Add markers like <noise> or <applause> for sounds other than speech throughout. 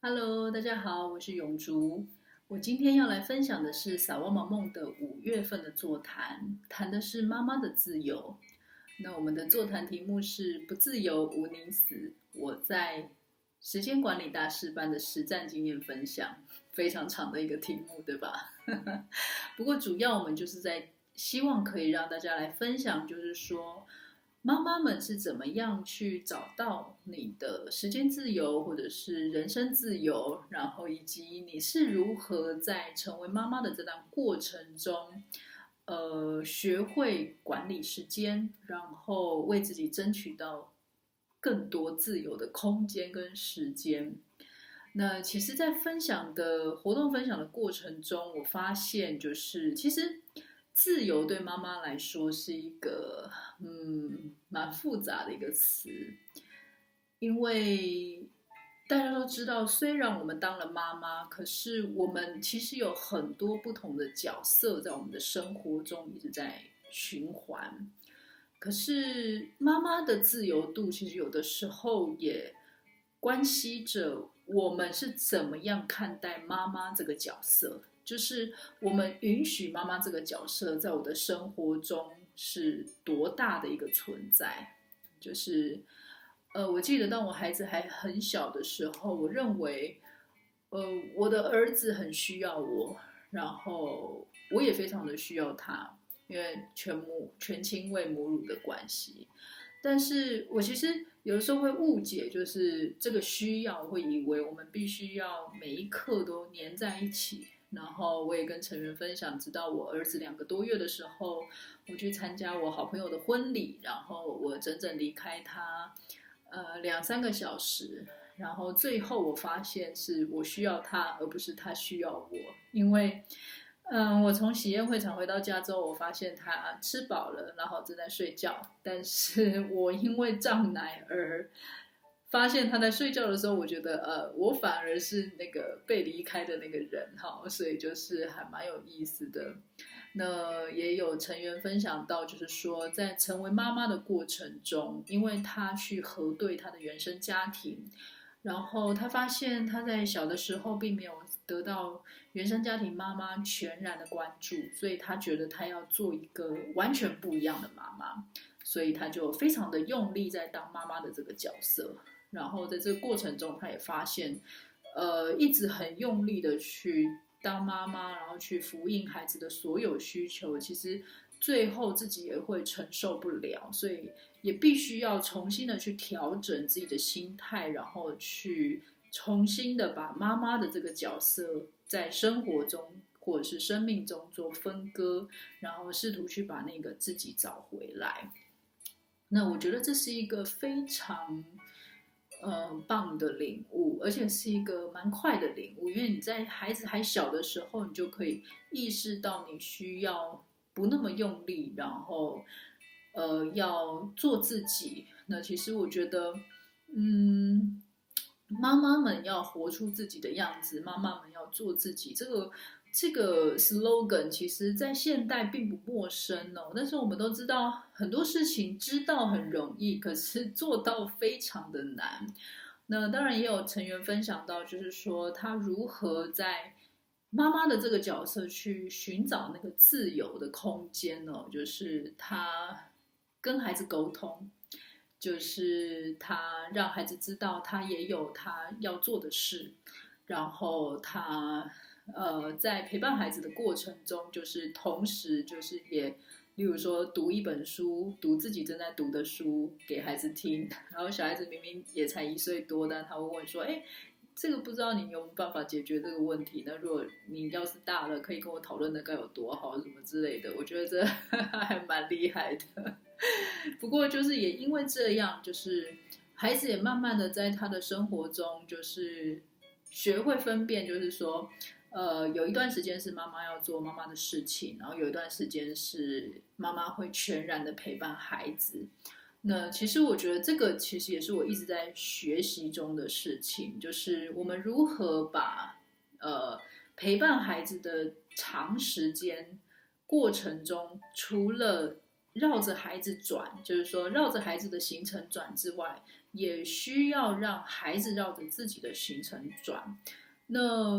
Hello，大家好，我是永竹。我今天要來分享的是撒哇瑪矇的五月份的座談，談的是媽媽的自由。那我們的座談題目是“不自由毋寧死”，我在時間管理大師班的實戰經驗分享，非常長的一個題目，對吧？ <laughs> 不過主要我們就是在希望可以讓大家來分享，就是說。媽媽們是怎麼樣去找到你的時間自由，或者是人生自由？然後以及你是如何在成為媽媽的這段過程中，呃，學會管理時間，然後為自己爭取到更多自由的空間跟時間。那其實，在分享的，活動分享的過程中，我發現，就是其實。自由對媽媽來說是一個嗯蠻複雜的一個詞，因為大家都知道，雖然我們當了媽媽，可是我們其實有很多不同的角色在我們的生活中一直在循環。可是媽媽的自由度，其實有的時候也關係着我們是怎麼樣看待媽媽這個角色的。就是我們允許媽媽這個角色在我的生活中是多大的一個存在？就是，呃，我記得當我孩子還很小的時候，我認為，呃，我的兒子很需要我，然後我也非常的需要他，因為全母全親餵母乳的關係。但是我其實有的時候會誤解，就是這個需要，會以為我們必須要每一刻都黏在一起。然後我也跟成員分享，直到我兒子兩個多月的時候，我去參加我好朋友的婚禮，然後我整整離開他，呃，兩三個小時。然後最後我發現是我需要他，而不是他需要我。因為，嗯、呃，我從喜宴會場回到家之後，我發現他、啊、吃飽了，然後正在睡覺。但是我因為脹奶而。發現他在睡覺的時候，我覺得呃，我反而是那個被離開的那個人哈，所以就是還蠻有意思的。那也有成員分享到，就是說在成為媽媽的過程中，因為他去核對他的原生家庭，然後他發現他在小的時候並沒有得到原生家庭媽媽全然的關注，所以他覺得他要做一個完全不一樣的媽媽，所以他就非常的用力在當媽媽的這個角色。然後在這個過程中，他也發現，呃，一直很用力的去當媽媽，然後去呼應孩子的所有需求，其實最後自己也會承受不了，所以也必須要重新的去調整自己的心態，然後去重新的把媽媽的這個角色在生活中或者是生命中做分割，然後試圖去把那個自己找回來。那我覺得這是一個非常。嗯，很棒的領悟，而且是一個蠻快的領悟。因為你在孩子還小的時候，你就可以意識到你需要不那麼用力，然後，呃，要做自己。那其實我覺得，嗯，媽媽們要活出自己的樣子，媽媽們要做自己。這個。這個 slogan 其實，在現代並不陌生哦。但是我們都知道，很多事情知道很容易，可是做到非常的難。那當然也有成員分享到，就是說他如何在媽媽的這個角色去尋找那個自由的空間哦，就是他跟孩子溝通，就是他讓孩子知道他也有他要做的事，然後他。呃，在陪伴孩子的過程中，就是同時就是也，例如說讀一本書，讀自己正在讀的書給孩子聽，然後小孩子明明也才一歲多，但他會問說：“誒，這個不知道你有沒有辦法解決這個問題？那如果你要是大了，可以跟我討論的，該有多好，什麼之類的。”我覺得這還蠻厲害的。不過就是也因為這樣，就是孩子也慢慢的在他的生活中，就是學會分辨，就是說。呃，有一段時間是媽媽要做媽媽的事情，然後有一段時間是媽媽會全然的陪伴孩子。那其實我覺得這個其實也是我一直在學習中的事情，就是我們如何把，呃，陪伴孩子的長時間過程中，除了繞着孩子轉，就是說繞着孩子的行程轉之外，也需要讓孩子繞着自己的行程轉。那，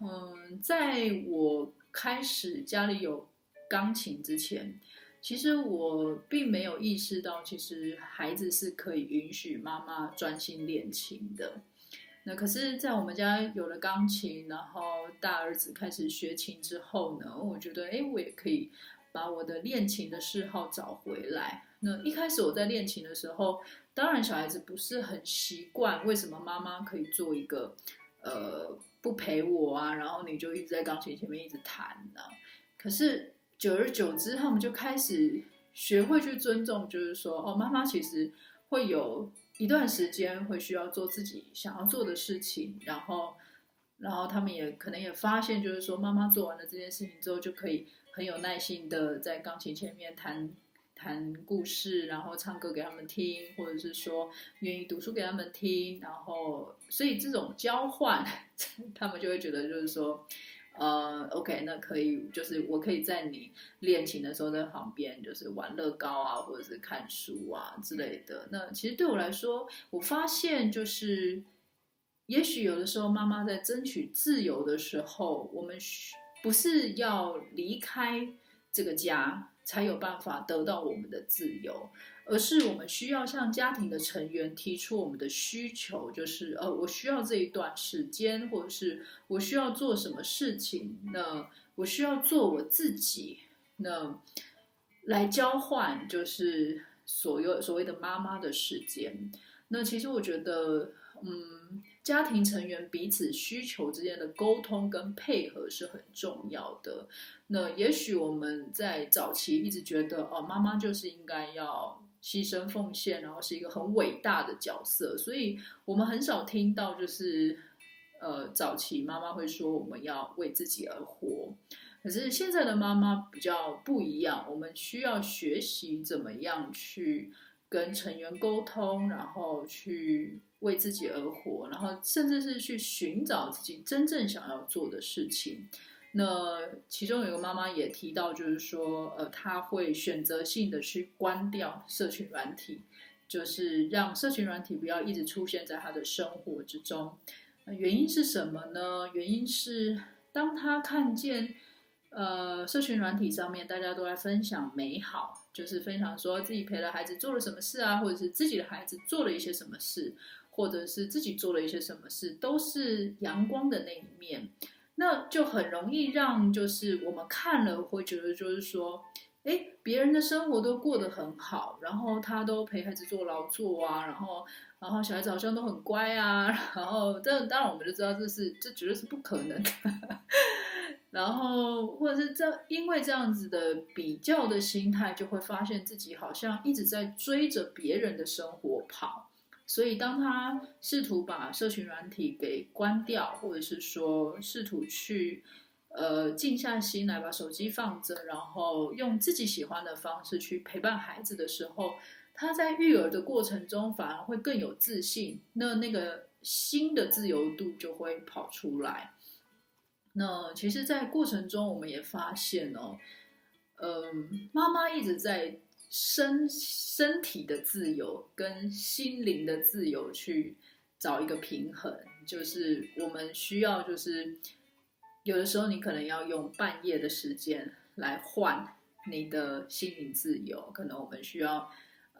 嗯，在我開始家裡有鋼琴之前，其實我並沒有意識到，其實孩子是可以允許媽媽專心練琴的。那可是，在我們家有了鋼琴，然後大兒子開始學琴之後呢，我覺得，誒，我也可以把我的練琴的嗜好找回來。那一開始我在練琴的時候，當然小孩子不是很習慣，為什麼媽媽可以做一個？呃，不陪我啊，然後你就一直在鋼琴前面一直彈啊。可是久而久之，他們就開始學會去尊重，就是說，哦，媽媽其實會有一段時間會需要做自己想要做的事情，然後，然後他們也可能也發現，就是說，媽媽做完了這件事情之後，就可以很有耐心的在鋼琴前面彈。談故事，然後唱歌給他們聽，或者是說願意讀書給他們聽，然後所以這種交換，他們就會覺得就是說，呃，OK，那可以就是我可以在你練琴的時候在旁邊，就是玩樂高啊，或者是看書啊之類的。那其實對我來說，我發現就是，也許有的時候媽媽在爭取自由的時候，我們不是要離開這個家，才有辦法得到我們的自由，而是我們需要向家庭的成員提出我們的需求，就是呃，我需要這一段時間，或者是我需要做什麼事情，那我需要做我自己，那來交換，就是所有所謂的媽媽的時間。那其實我覺得，嗯。家庭成員彼此需求之間的溝通跟配合是很重要的。那也許我們在早期一直覺得，哦，媽媽就是應該要犧牲奉獻，然後是一個很偉大的角色。所以我們很少聽到就是，呃，早期媽媽會說我們要為自己而活。可是現在的媽媽比較不一樣，我們需要學習怎麼樣去。跟成員溝通，然後去為自己而活，然後甚至是去尋找自己真正想要做的事情。那其中有個媽媽也提到，就是說，呃，她會選擇性的去關掉社群軟體，就是讓社群軟體不要一直出現在她的生活之中。呃，原因是什麼呢？原因是，當她看見，呃，社群軟體上面大家都在分享美好。就是分享說自己陪了孩子做了什麼事啊，或者是自己的孩子做了一些什麼事，或者是自己做了一些什麼事，都是陽光的那一面，那就很容易讓就是我們看了會覺得就是說，哎，別人的生活都過得很好，然後他都陪孩子做勞作啊，然後然後小孩子好像都很乖啊，然後這，當然我們就知道這是這絕對是不可能的。 <laughs> 然後，或者是這，因為這樣子的比較的心態，就會發現自己好像一直在追着別人的生活跑。所以，當他試圖把社群軟體給關掉，或者是說試圖去，呃，靜下心來，把手機放着，然後用自己喜歡的方式去陪伴孩子的時候，他在育兒的過程中反而會更有自信。那那個新的自由度就會跑出來。那其實在過程中，我們也發現哦，嗯，媽媽一直在身身體的自由跟心靈的自由去找一個平衡，就是我們需要，就是有的時候你可能要用半夜的時間來換你的心靈自由，可能我們需要。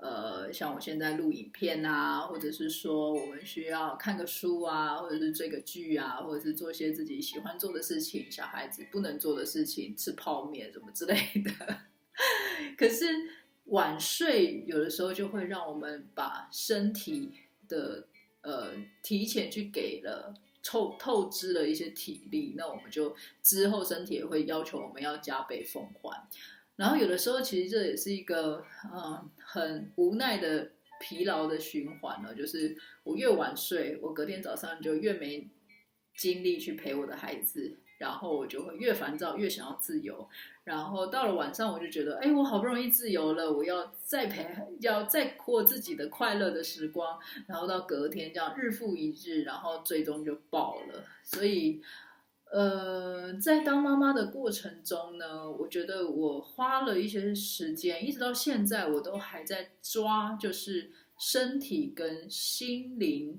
呃，像我現在錄影片啊，或者是說我們需要看個書啊，或者是追個劇啊，或者是做些自己喜歡做的事情。小孩子不能做的事情，吃泡麵什麼之類的。 <laughs> 可是晚睡有的時候就會讓我們把身體的呃提前去給了透透支了一些體力，那我們就之後身體也會要求我們要加倍奉還。然後有的時候其實這也是一個，嗯，很無奈的疲勞的循環了。就是我越晚睡，我隔天早上就越沒精力去陪我的孩子，然後我就會越煩躁，越想要自由。然後到了晚上，我就覺得，哎，我好不容易自由了，我要再陪，要再過自己的快樂的時光。然後到隔天，這樣日復一日，然後最終就爆了。所以。呃，在當媽媽的過程中呢，我覺得我花了一些時間，一直到現在，我都還在抓，就是身體跟心靈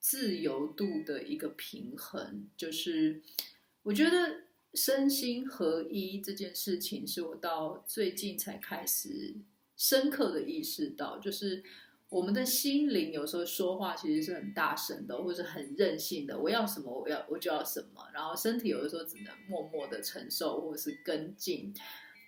自由度的一個平衡。就是我覺得身心合一這件事情，是我到最近才開始深刻的意識到，就是。我們的心靈有時候說話其實是很大聲的，或者是很任性的，我要什麼我要我就要什麼。然後身體有的時候只能默默的承受或者是跟進，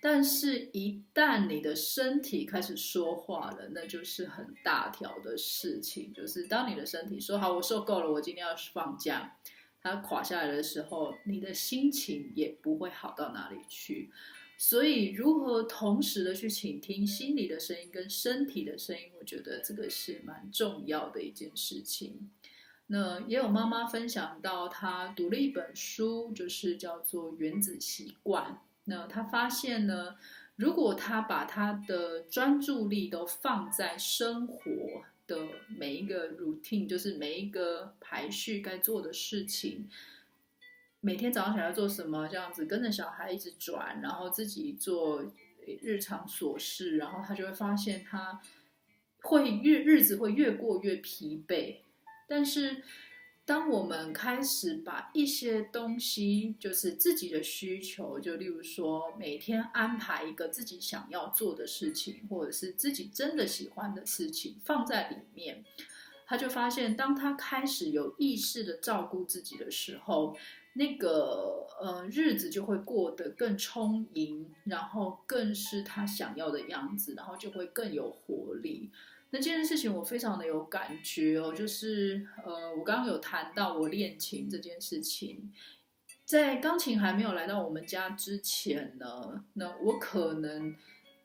但是，一旦你的身體開始說話了，那就是很大條的事情。就是當你的身體說好我受夠了，我今天要放假，它垮下來的時候，你的心情也不會好到哪裡去。所以，如何同時的去傾聽心裡的聲音跟身體的聲音，我覺得這個是蠻重要的一件事情。那也有媽媽分享到，她讀了一本書，就是叫做《原子習慣》。那她發現呢，如果她把她的專注力都放在生活的每一個 routine，就是每一個排序該做的事情。每天早上想要做什麼？這樣子跟着小孩一直轉，然後自己做日常瑣事，然後他就會發現他會越日，日子會越過越疲憊。但是，當我們開始把一些東西，就是自己的需求，就例如說每天安排一個自己想要做的事情，或者是自己真的喜歡的事情放在裡面，他就發現，當他開始有意識的照顧自己的時候。那個呃，日子就會過得更充盈，然後更是他想要的樣子，然後就會更有活力。那這件事情我非常的有感覺哦，就是呃，我剛剛有談到我練琴這件事情，在鋼琴還沒有來到我們家之前呢，那我可能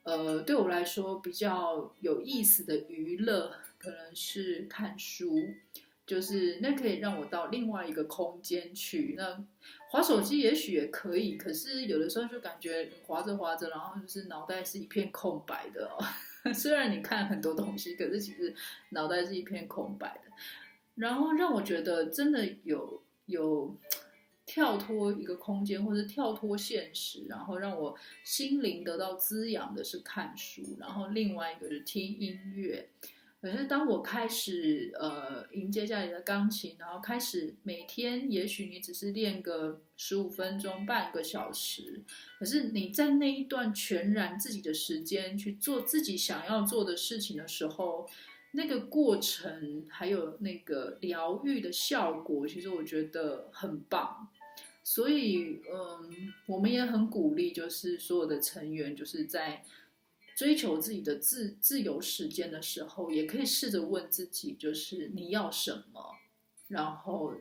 呃，對我來說比較有意思的娛樂可能是看書。就是那可以讓我到另外一個空間去。那滑手機也許也可以，可是有的時候就感覺滑著滑著，然後就是腦袋是一片空白的哦。 <laughs> 雖然你看很多東西，可是其實腦袋是一片空白的。然後讓我覺得真的有有跳脫一個空間或者跳脫現實，然後讓我心靈得到滋養的是看書，然後另外一個就是聽音樂。可是，當我開始呃迎接家裡的鋼琴，然後開始每天，也許你只是練個十五分鐘、半個小時，可是你在那一段全然自己的時間去做自己想要做的事情的時候，那個過程還有那個療癒的效果，其實我覺得很棒。所以，嗯，我們也很鼓勵，就是所有的成員，就是在。追求自己的自自由時間的時候，也可以試着問自己，就是你要什麼，然後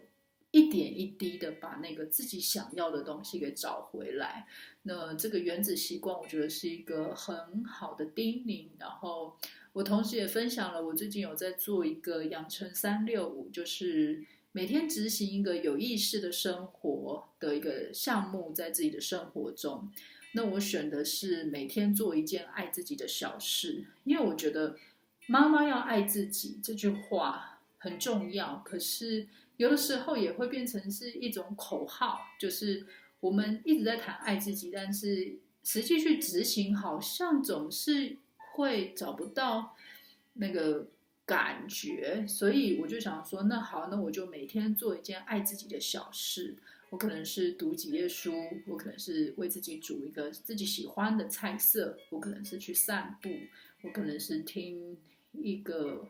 一點一滴的把那個自己想要的東西給找回來。那這個原子習慣，我覺得是一個很好的叮嚀。然後我同時也分享了，我最近有在做一個養成三六五，就是每天執行一個有意識的生活的一個項目，在自己的生活中。那我選的是每天做一件愛自己的小事，因為我覺得“媽媽要愛自己”這句話很重要。可是有的時候也會變成是一種口號，就是我們一直在談愛自己，但是實際去執行，好像總是會找不到那個感覺。所以我就想說，那好，那我就每天做一件愛自己的小事。我可能是讀幾頁書，我可能是為自己煮一個自己喜歡的菜色，我可能是去散步，我可能是聽一個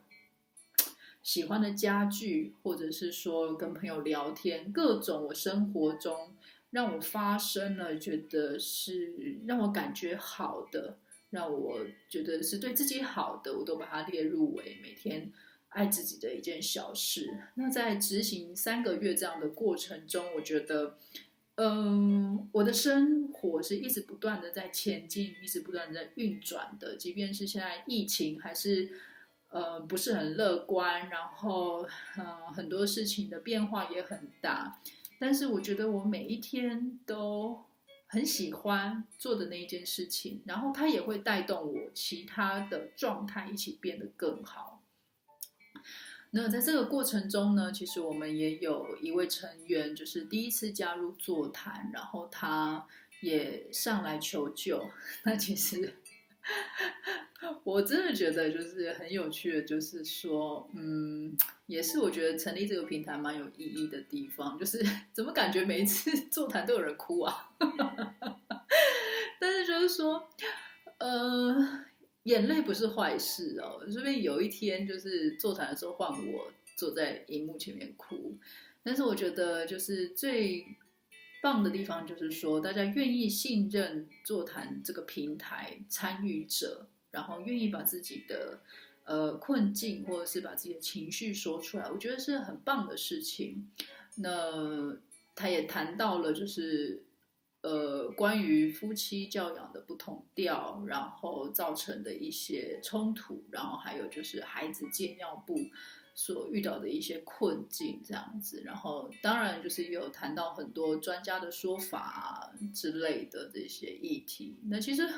喜歡的家具，或者是說跟朋友聊天，各種我生活中讓我發生了覺得是讓我感覺好的，讓我覺得是對自己好的，我都把它列入為每天。愛自己的一件小事。那在執行三個月這樣的過程中，我覺得，嗯，我的生活是一直不斷的在前進，一直不斷的在運轉的。即便是現在疫情還是呃不是很樂觀，然後，呃，很多事情的變化也很大，但是我覺得我每一天都很喜歡做的那一件事情，然後它也會帶動我其他的狀態一起變得更好。那在這個過程中呢，其實我們也有一位成員，就是第一次加入座談，然後他也上來求救。那其實我真的覺得就是很有趣的，就是說，嗯，也是我覺得成立這個平台蠻有意義的地方，就是怎麼感覺每一次座談都有人哭啊？ <laughs> 但是就是說，嗯、呃。眼淚不是壞事哦。說不定有一天就是座談的時候，換我坐在熒幕前面哭。但是我覺得，就是最棒的地方，就是說大家願意信任座談這個平台，參與者，然後願意把自己的呃困境或者是把自己的情緒說出來，我覺得是很棒的事情。那他也談到了，就是。呃，關於夫妻教養的不同調，然後造成的一些衝突，然後還有就是孩子戒尿布所遇到的一些困境，這樣子，然後當然就是也有談到很多專家的說法之類的這些議題。那其實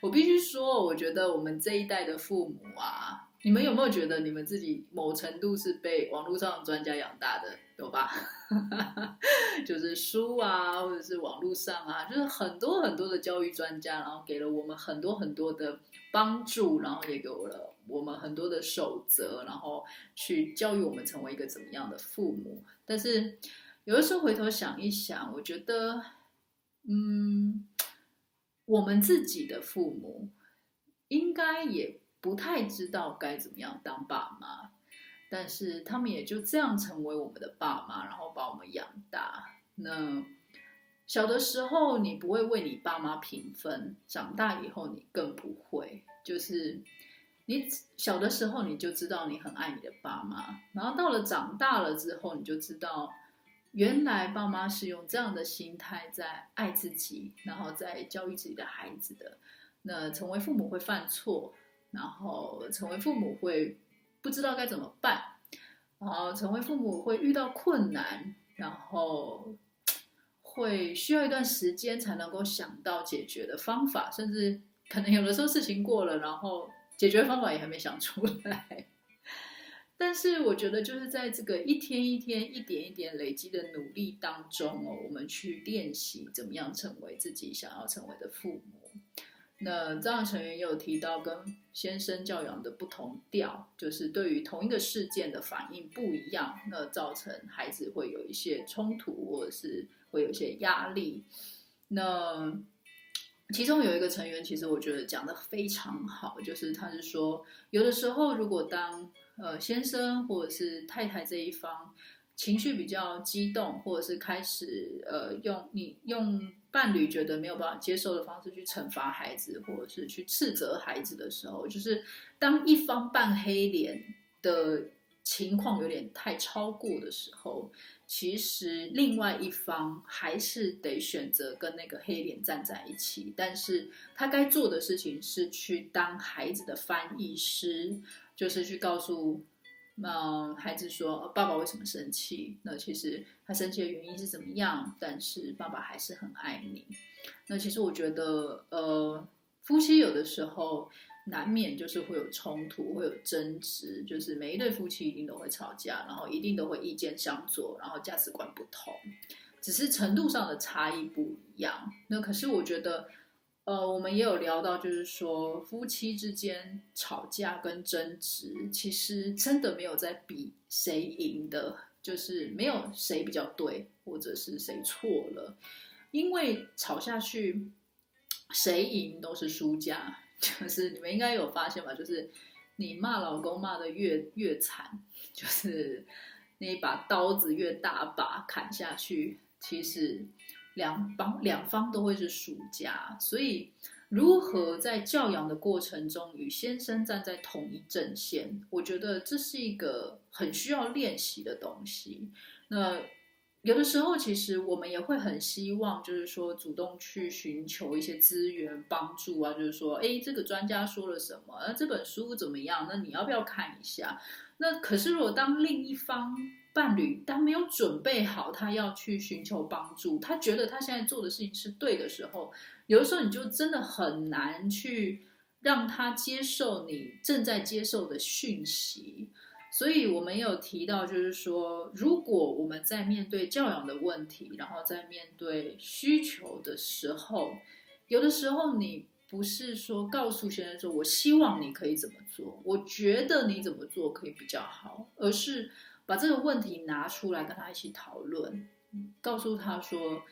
我必須說，我覺得我們這一代的父母啊。你們有沒有覺得你們自己某程度是被網絡上的專家養大的？有吧？ <laughs> 就是書啊，或者是網絡上啊，就是很多很多的教育專家，然後給了我們很多很多的幫助，然後也給了我們很多的守則，然後去教育我們成為一個怎麼樣的父母。但是有的時候回頭想一想，我覺得，嗯，我們自己的父母應該也。不太知道該怎麼樣當爸媽，但是他們也就這樣成為我們的爸媽，然後把我們養大。那小的時候你不會為你爸媽評分，長大以後你更不會。就是你小的時候你就知道你很愛你的爸媽，然後到了長大了之後你就知道，原來爸媽是用這樣的心態在愛自己，然後在教育自己的孩子的。那成為父母會犯錯。然後成為父母會不知道該怎麼辦，然後成為父母會遇到困難，然後會需要一段時間才能夠想到解決的方法，甚至可能有的時候事情過了，然後解決方法也還沒想出來。但是我覺得，就是在這個一天一天、一點一點累積的努力當中哦，我們去練習怎麼樣成為自己想要成為的父母。那這樣的成員也有提到跟先生教養的不同調，就是對於同一個事件的反應不一樣，那造成孩子會有一些衝突或者是會有一些壓力。那其中有一個成員，其實我覺得講得非常好，就是他是說，有的時候如果當呃先生或者是太太這一方情緒比較激動，或者是開始呃用你用。你用伴侶覺得沒有辦法接受的方式去懲罰孩子，或者是去斥責孩子的時候，就是當一方扮黑臉的情況有點太超過的時候，其實另外一方還是得選擇跟那個黑臉站在一起，但是他該做的事情是去當孩子的翻譯師，就是去告訴。那、嗯、孩子說、哦：“爸爸為什麼生氣？”那其實他生氣的原因是怎麼樣？但是爸爸還是很愛你。那其實我覺得，呃，夫妻有的時候難免就是會有衝突，會有爭執，就是每一對夫妻一定都會吵架，然後一定都會意見相左，然後價值觀不同，只是程度上的差異不一樣。那可是我覺得。呃，我們也有聊到，就是說夫妻之間吵架跟爭執，其實真的沒有在比誰贏的，就是沒有誰比較對，或者是誰錯了，因為吵下去，誰贏都是輸家。就是你們應該有發現吧？就是你罵老公罵得越越慘，就是那一把刀子越大把砍下去，其實。兩方兩方都會是輸家，所以如何在教養的過程中與先生站在同一陣線，我覺得這是一個很需要練習的東西。那有的時候，其實我們也會很希望，就是說主動去尋求一些資源幫助啊，就是說，哎，這個專家說了什麼？那、呃、這本書怎麼樣？那你要不要看一下？那可是，如果當另一方伴侶他沒有準備好，他要去尋求幫助，他覺得他現在做的事情是對的時候，有的時候你就真的很難去讓他接受你正在接受的訊息。所以，我們有提到，就是說，如果我們在面對教養的問題，然後在面對需求的時候，有的時候你，不是說告訴先生說，我希望你可以怎麼做，我覺得你怎麼做可以比較好，而是把這個問題拿出來跟他一起討論，嗯，告訴他說，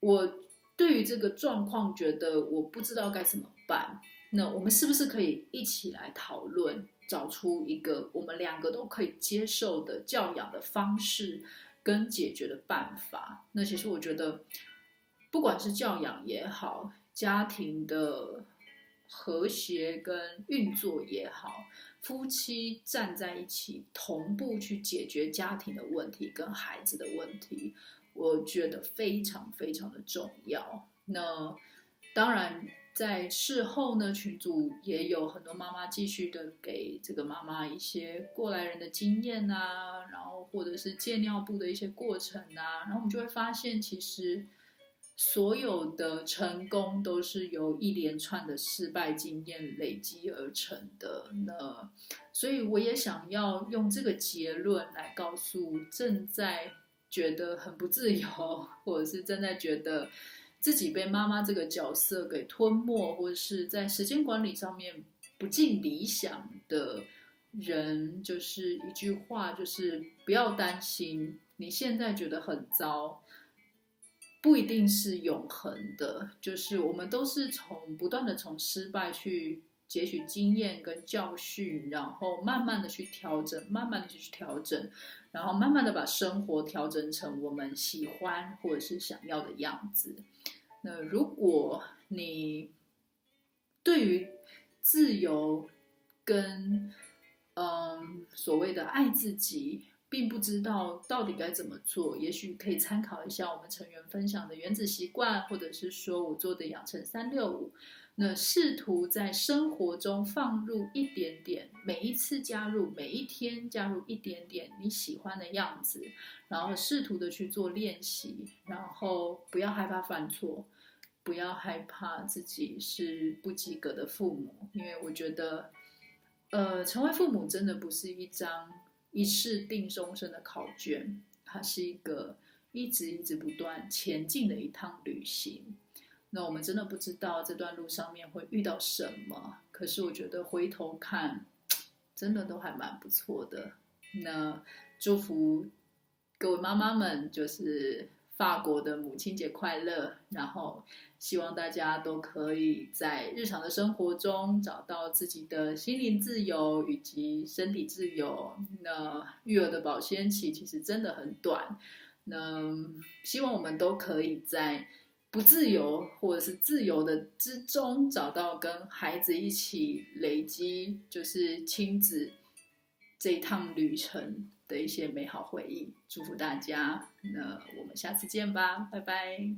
我對於這個狀況覺得我不知道該怎麼辦，那我們是不是可以一起來討論，找出一個我們兩個都可以接受的教養的方式跟解決的辦法？那其實我覺得，不管是教養也好。家庭的和諧跟運作也好，夫妻站在一起，同步去解決家庭的問題跟孩子的問題，我覺得非常非常的重要。那當然，在事後呢，群組也有很多媽媽繼續的給這個媽媽一些過來人的經驗啊，然後或者是戒尿布的一些過程啊，然後我們就會發現，其實。所有的成功都是由一連串的失敗經驗累積而成的呢。所以我也想要用這個結論來告訴正在覺得很不自由，或者是正在覺得自己被媽媽這個角色給吞沒，或者是在時間管理上面不盡理想的人，就是一句話，就是不要擔心，你現在覺得很糟。不一定是永恆的，就是我們都是從不斷的從失敗去汲取經驗跟教訓，然後慢慢的去調整，慢慢的去去調整，然後慢慢的把生活調整成我們喜歡或者是想要的樣子。那如果你對於自由跟嗯所謂的愛自己，並不知道到底該怎麼做，也許可以參考一下我們成員分享的原子習慣，或者是說我做的養成三六五，那試圖在生活中放入一點點，每一次加入，每一天加入一點點你喜歡的樣子，然後試圖的去做練習，然後不要害怕犯錯，不要害怕自己是不及格的父母，因為我覺得，呃，成為父母真的不是一張。一試定終身的考卷，它是一個一直一直不斷前進的一趟旅行。那我們真的不知道這段路上面會遇到什麼，可是我覺得回頭看，真的都還蠻不錯的。那祝福各位媽媽們，就是。法國的母親節快樂！然後，希望大家都可以在日常的生活中找到自己的心靈自由以及身體自由。那育兒的保鮮期其實真的很短。那希望我們都可以在不自由或者是自由的之中，找到跟孩子一起累積，就是親子這一趟旅程。的一些美好回憶，祝福大家。那我們下次見吧，拜拜。